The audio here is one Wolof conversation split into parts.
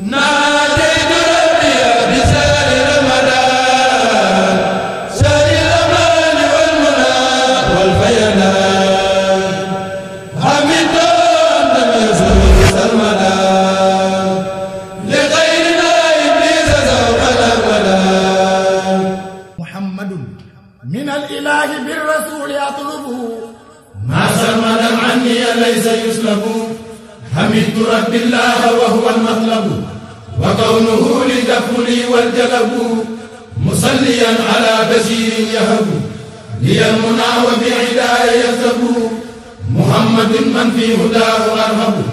na وكونه للدفل والجلب مصليا على بشير يهب لي المنى وبعداية يذهب محمد من في هداه أرهب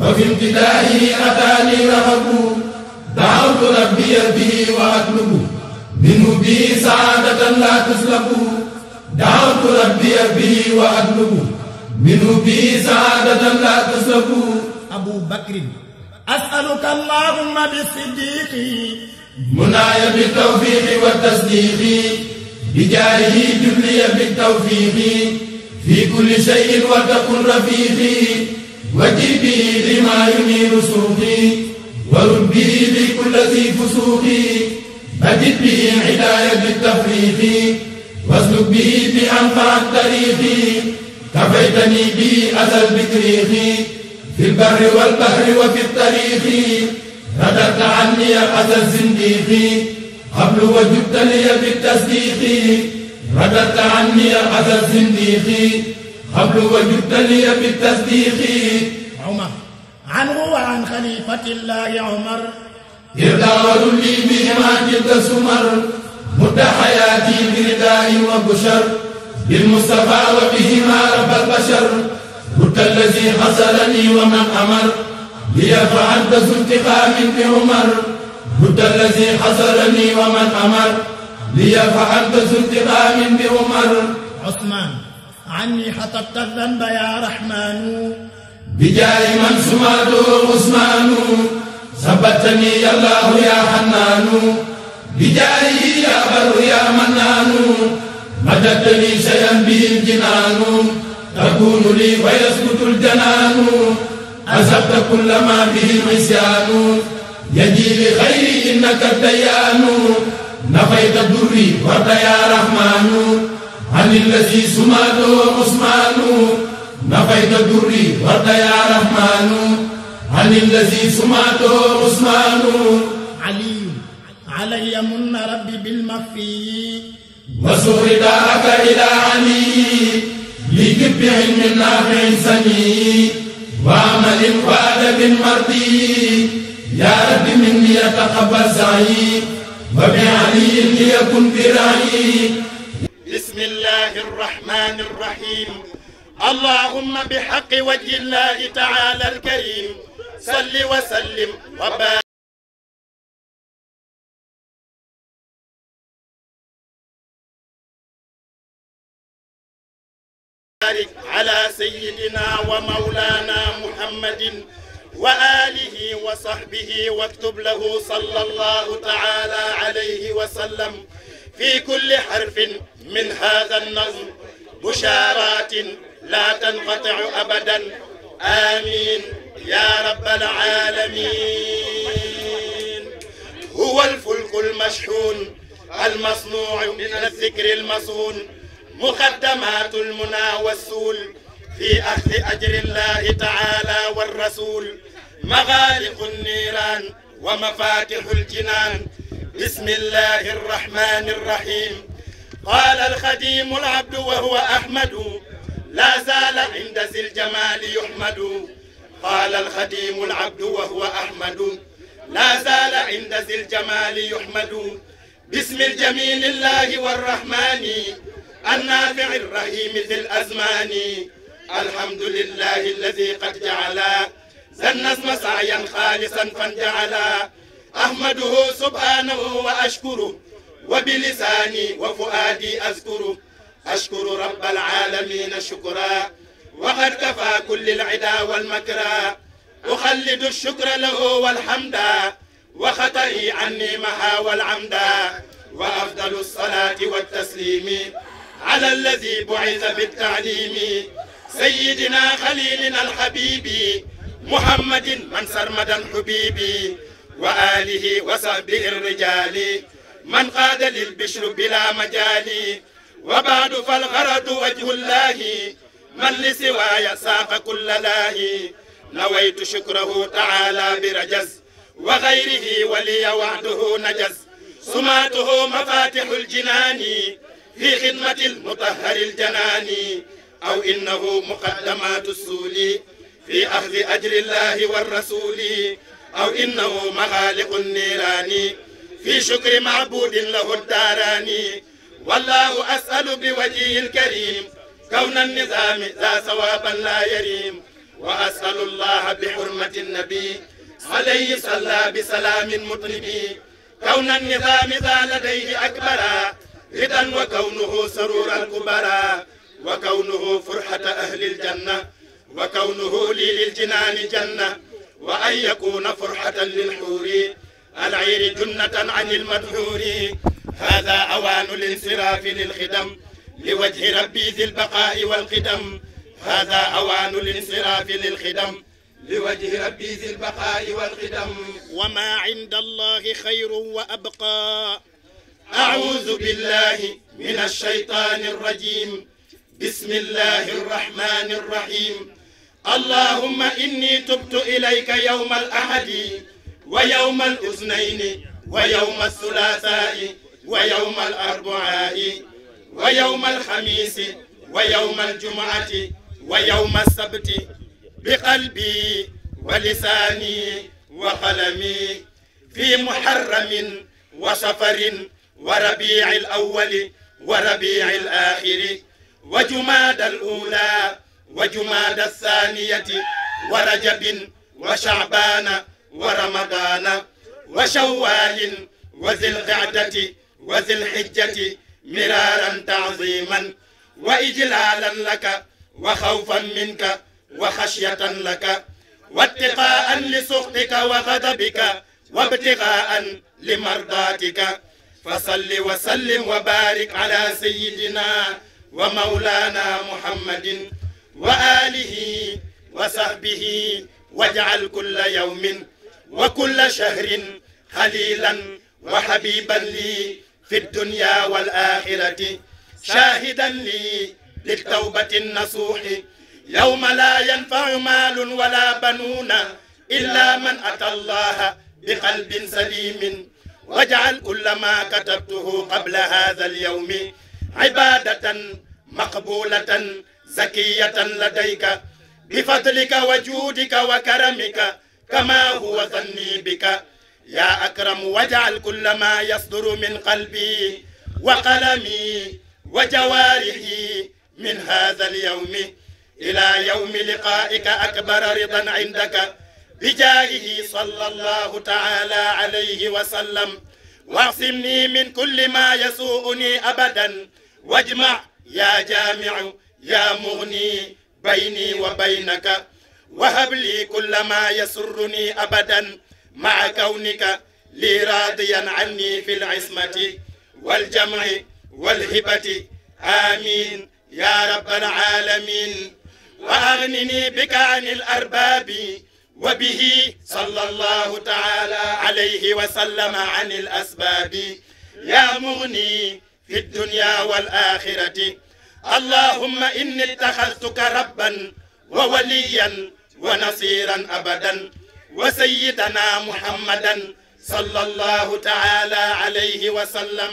وفي امتدائه أتاني رهب دعوت ربي به وأطلب منه بي سعادة لا تسلب دعوت ربي به وأطلب منه بي سعادة لا تسلب أبو بكر أسألك اللهم بالصديق مناي بالتوفيق والتصديق بجاهه جبلي بالتوفيق في كل شيء وتكن رفيقي وجيبي لما ينير سوقي وربي بكل ذي فسوقي أجد به عناية بالتفريق واسلك به بأنفع الطريق كفيتني به أذى البكريق في البر والبحر وفي الطريق رددت عني أذى الزنديق قبل وجدت لي بالتصديق رددت عني أذى الزنديق قبل وجدت لي بالتصديق عمر عنه وعن خليفة الله عمر إرداء لي بهما جلد سمر مد حياتي برداء وبشر بالمصطفى وبهما رب البشر بك الذي حصل لي ومن أمر ليرفع البس انتقام بعمر بك الذي حصل لي ومن أمر ليرفع البس انتقام بعمر عثمان عني حطبت الذنب يا رحمن بجاه من سماده عثمان ثبتني يا الله يا حنان بجاهه يا بر يا منان مددني شيئا به الجنان تكون لي ويسكت الجنان عزبت كل ما به العصيان يجي بخير إنك الديان نفيت ضري ورد يا رحمن عن الذي سماته عثمان نفيت ضري ورد يا رحمن عن الذي سماته عثمان علي علي من ربي بالمخفي وسر دارك إلى علي لجب علم نافع سميع وعمل وادب مرضي يا رب مني تقبل سعي وبعلي ليكن ذراعي بسم الله الرحمن الرحيم اللهم بحق وجه الله تعالى الكريم صل وسلم وبارك وبارك على سيدنا ومولانا محمد وآله وصحبه واكتب له صلى الله تعالى عليه وسلم في كل حرف من هذا النظم بشارات لا تنقطع أبدا آمين يا رب العالمين هو الفلك المشحون المصنوع من الذكر المصون مقدمات المنى والسول في أخذ أجر الله تعالى والرسول مغالق النيران ومفاتح الجنان بسم الله الرحمن الرحيم قال الخديم العبد وهو أحمد لا زال عند ذي الجمال يحمد قال الخديم العبد وهو أحمد لا زال عند ذي الجمال يحمد بسم الجميل الله والرحمن النافع الرحيم ذي الأزمان الحمد لله الذي قد جعل ذا النظم سعيا خالصا فانجعلا أحمده سبحانه وأشكره وبلساني وفؤادي أذكره أشكر رب العالمين شكرا وقد كفى كل العدا والمكرا أخلد الشكر له والحمدا وخطئي عني مها والعمدا وأفضل الصلاة والتسليم على الذي بعث بالتعليم سيدنا خليلنا الحبيب محمد من سرمد الحبيب وآله وصحبه الرجال من قاد للبشر بلا مجال وبعد فالغرض وجه الله من لسواي ساق كل لاه نويت شكره تعالى برجز وغيره ولي وعده نجز سماته مفاتح الجنان في خدمة المطهر الجنان أو إنه مقدمات السول في أخذ أجر الله والرسول أو إنه مغالق النيران في شكر معبود له الداران والله أسأل بوجهه الكريم كون النظام ذا ثوابا لا يريم وأسأل الله بحرمة النبي عليه صلى بسلام مطلبي كون النظام ذا لديه أكبرا غدا وكونه سرورا كبرا وكونه فرحة أهل الجنة وكونه لي للجنان جنة وأن يكون فرحة للحور العير جنة عن المدحور هذا أوان الانصراف للخدم لوجه ربي ذي البقاء والقدم هذا أوان الانصراف للخدم لوجه ربي ذي البقاء والقدم وما عند الله خير وأبقى أعوذ بالله من الشيطان الرجيم بسم الله الرحمن الرحيم اللهم إني تبت إليك يوم الأحد ويوم الأثنين ويوم الثلاثاء ويوم الأربعاء ويوم الخميس ويوم الجمعة ويوم السبت بقلبي ولساني وقلمي في محرم وسفر وربيع الأول وربيع الآخر وجماد الأولى وجماد الثانية ورجب وشعبان ورمضان وشوال وذي القعدة وذي الحجة مرارا تعظيما وإجلالا لك وخوفا منك وخشية لك واتقاء لسخطك وغضبك وابتغاء لمرضاتك فصل وسلم وبارك على سيدنا ومولانا محمد وآله وصحبه واجعل كل يوم وكل شهر خليلا وحبيبا لي في الدنيا والآخرة شاهدا لي للتوبة النصوح يوم لا ينفع مال ولا بنون إلا من أتى الله بقلب سليم واجعل كل ما كتبته قبل هذا اليوم عبادة مقبولة زكية لديك بفضلك وجودك وكرمك كما هو ظني بك يا أكرم واجعل كل ما يصدر من قلبي وقلمي وجوارحي من هذا اليوم إلى يوم لقائك أكبر رضا عندك بجاهه صلى الله تعالى عليه وسلم واعصمني من كل ما يسوءني أبدا واجمع يا جامع يا مغني بيني وبينك وهب لي كل ما يسرني أبدا مع كونك لي راضيا عني في العصمة والجمع والهبة آمين يا رب العالمين وأغنني بك عن الأرباب وبه صلى الله تعالى عليه وسلم عن الأسباب يا مغني في الدنيا والآخرة اللهم إني اتخذتك ربا ووليا ونصيرا أبدا وسيدنا محمدا صلى الله تعالى عليه وسلم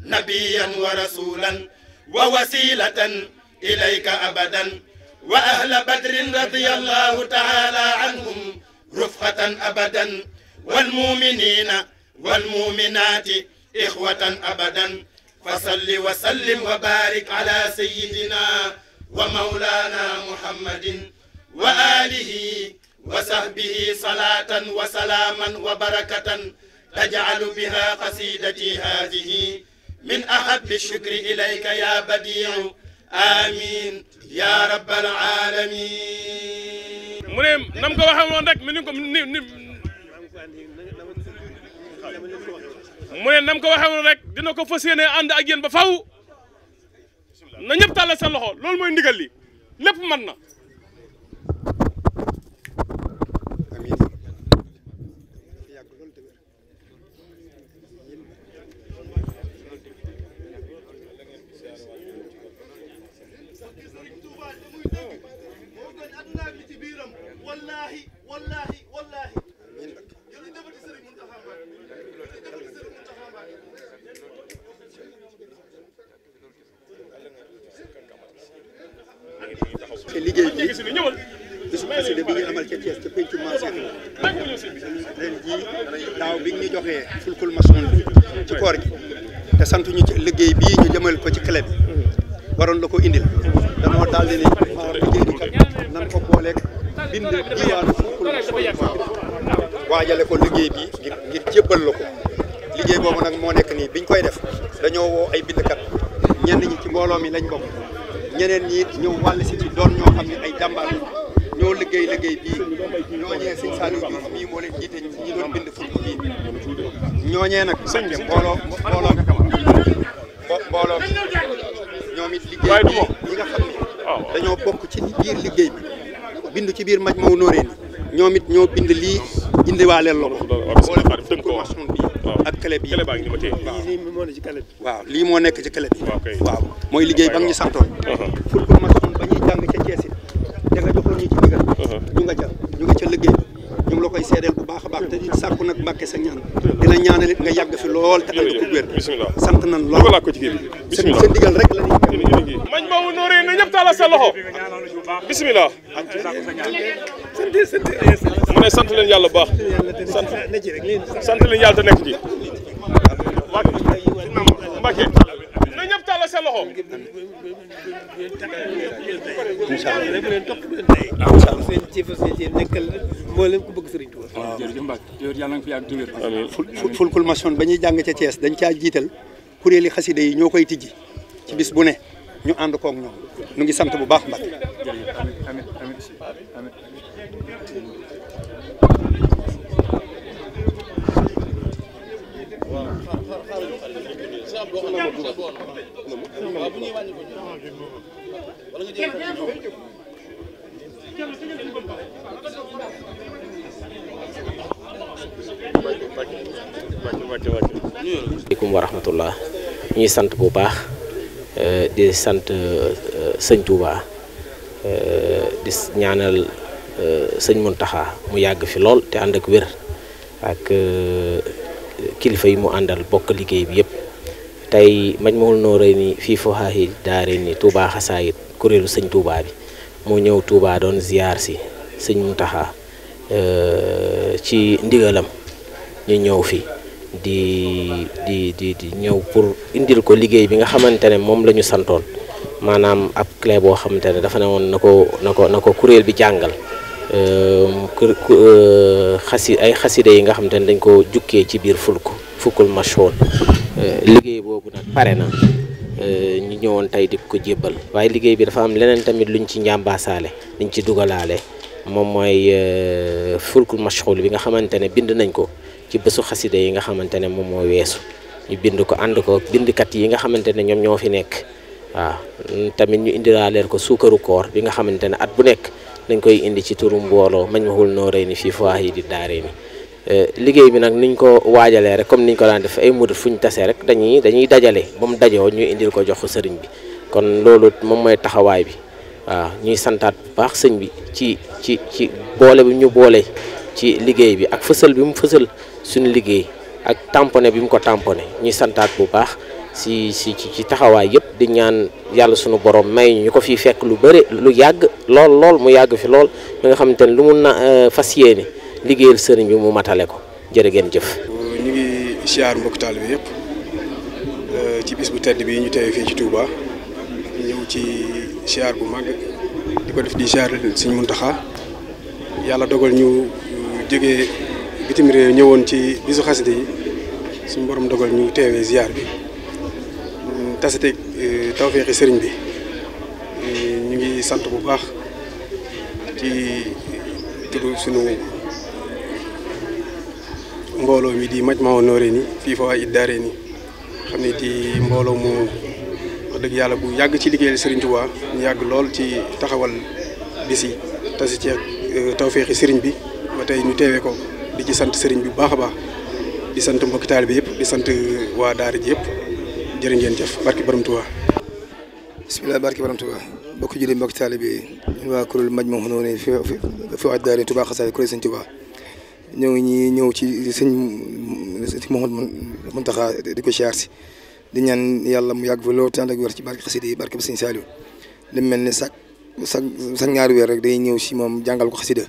نبيا ورسولا ووسيلة إليك أبدا wa ahla badrin radiyallahu ta'ala anhum rufqatan abadan wal mu'minina wal mu'minati ikhwatan abadan fasalli wa sallim wa barik ala sayyidina wa mawlana muhammadin wa alihi wa sahbihi salatan wa salaman wa barakatan taj'alu biha qasidati hadhihi min ahabbi shukri ilayka ya badi'u amiin yaa rabbal aalamiin. mu ne nam ko waxee woon rek mi ni ko ni ni. mu ne nam ko waxee woon rek dina ko fas yéene ànd ak yéen ba faw na ñëpp tàllal seen loxo loolu mooy ndigal li lépp mën na. wallahi wallahi yow te liggéey bi bisu xasida bi ñu amal ca Thiès ca pencu Mansour ren jii daaw bi ñu joxee fulkul masoon bi ci koor gi te sant liggéey bii ñu jëmal ko ci clé waroon la ko indil danoo daal di ne maanaam liggéey bi nan ko booleeg bind diwaanu Fulkul Muslimin waajale ko liggéey bi ngir ngir jébbal la ko liggéey boobu nag moo nekk nii ñu koy def dañoo woo ay bindkat ñenn ñi ci mbooloo mi lañ bokk ñeneen ñi it ñëw wàll si ci doon xam ne ay jàmbaar ñoo liggéey liggéey bii ñooñee sëñ Saliou moo leen jiite ñi doon bind fulku bii ñooñee nag mbooloo mbooloo mbooloo ñoom yi liggéey bii ñi nga xam ne ah, dañoo bokk ci biir liggéey bi bind ci biir maj moo nóoree ni ñoom it ñoo bind lii indiwaaleel la ko boole formation bi ak clé bi lii moo nekk ci clé bi ah, waaw mooy liggéey ba nga ñu santoon pour uh-huh. formation ba ñuy jàng ca Thiès it da joxoon ñu ci ndigal uh-huh. ñu nga ca ñu ñoo koy seedeel bu a baax te di sàkku nag mbàkke sa ñaan dina ñaanal it nga yàgg fi lool te ànd ko wér sant nan lool seen digal rek la ñuy mañ sa loxo bismillah mu ne sant leen yàlla bu baax sant sant leen yàlla te sa loxo. incha ci fas yéene bëgg Serigne Touba. waaw jërëjëf Mbacke yàlla ful fulkul ba ñuy jàng ca cees dañ caa jiital kuréeli xasida yi ñoo koy tijji ci bis bu ne ñu ànd koog ñoom ñu ngi sant bu baax Mbacke. ñuy sant bu baax euh, di sant euh, sëñ Touba euh, di ñaanal sëñ Mountakha mu yàgg fi lool te ànd ak wér ak kilifa yi mu àndal bokk liggéey bi yëpp tey Majmahun Nurayni fii Fawaaid Daarayni Touba Xasaayid kuréelu sëñ Touba bi moo ñëw Touba doon ziar si sëñ Mountakha ci ndigalam ñu ñëw fii. di di di di ñëw pour indil ko liggéey bi nga xamante ne moom la ñu santoon maanaam ab clé boo xamante ne dafa ne woon na ko na ko na ko kuréel bi jàngal ehm, eh, xasi ay xaside yi nga xamante ne dañ ko jukkee ci biir fulk fukkul machoon eh, liggéey boobu nag pare na eh, ñu ñëwoon tey di ko jébbal waaye liggéey bi dafa am leneen tamit luñ ci njàmbaasaale liñ ci dugalaale moom mooy fulkul machool bi nga xamante ne bind nañ ko ci bésu xasida yi nga xamante ne moom moo weesu ñu bind ko ànd ko bindkat yi nga xamante ne ñoom ñoo fi nekk waaw tamit ñu indi laa leer ko suukaru koor bi nga xamante ne at bu nekk dañ koy indi ci turu mbooloo noo Majmahun di fii Fawaa'idi Daarayni eh, liggéey bi nag niñ ko waajalee rek comme niñ ko daan def ay murit fu ñu tasee rek dañuy dañuy dajale ba mu dajoo ñu indil ko jox ko sëriñ bi kon loolu moom mooy taxawaay bi waaw ñuy santaat bu baax sëñ bi ci ci ci boole bi ñu boole ci liggéey bi ak fësal bi mu fësal. suñu liggéey ak tamponné bi mu ko tamponné ñuy santaat bu baax si si ci taxawaay yëpp di ñaan yàlla suñu borom may ñu ko fi fekk lu bëri lu yàgg lool lool mu yàgg fi lool bi nga xamante ne lu mun na euh, fas yéene liggéeyal sëriñ bi mu matale ko jërë ngeen jëf. ñu ngi siyaar mbokk taalibe bi euh, ci bis bu tedd bi ñu teew fii ci Touba ñëw ci siyaar bu mag di ko def di siyaar Sëriñ Muntaxa yàlla dogal ñu euh, jógee. bitim réew ñëwoon ci bisu xasida yi suñu borom dogal ñu teewee ziar bi tasiteeg euh, tawféexi sëriñ bi euh, ñu ngi sant bu baax ci tudd suñu mbooloo mi di Majmahun Nurayni fii Fawaa'id Daarayni xam ne di mbooloo mu dëgg yàlla bu yàgg ci liggéeyal sëriñ Tuubaa ñu yàgg lool ci taxawal bis yi euh, tawféexi sëriñ bi ba tey ñu teewee ko di ci sant sëriñ bi bu baax a baax di sant mbokki taalibe yëpp di sant waa daar ji yëpp jërë ngeen jëf barki borom Tuubaa bisimilah barki borom Tuubaa mbokki julli mbokki taalibe yi ñun waa kuréel Majmahun Nurayni fi fi waa daara Tuubaa ñoo ngi ñi ñëw ci sëñ Mouhamadou Mountakha di ko siyaar si di ñaan yàlla mu yàgg fa loolu te ànd ak wér ci barki xasida yi barki bi sëñ Saliou li mel ne sax sax sax ñaari weer rek day ñëw ci moom jàngal ko xasida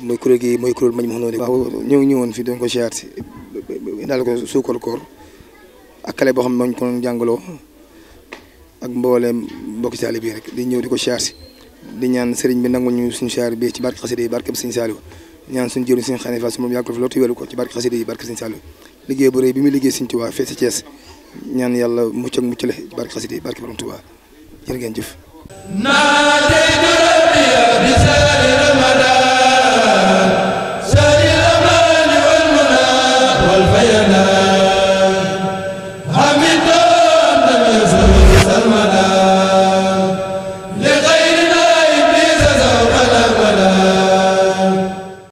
mooy kuréel gi mooy kuréel mañ ma noonu waaw ñëw ñëwoon fi doon ko siyaar si indaal ko suukar koor ak xale boo xam ne mooñ ko jàngaloo ak mbooleem mbokki saali bii rek di ñëw di ko siyaar si di ñaan sëriñ bi nangu ñu suñu siyaar bi ci barke yi barke bi suñu saaliw ñaan suñu jëriñ suñu xane fa su moom yàgg ko fi loolu welu ko ci barke xasida yi barke suñu saaliw liggéey bu rëy bi muy liggéey suñu Tuubaa fee si Thiès ñaan yàlla mucc ak muccale barke xasida yi barke borom Tuubaa jërë ngeen jëf سادي الأمان والمنى والفينا